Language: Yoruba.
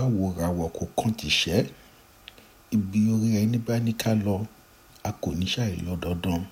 àwòràwọ̀ kò kàn tìṣẹ́ ibi orí ẹni bá ní ká lọ a kò ní ṣàì lọ dandan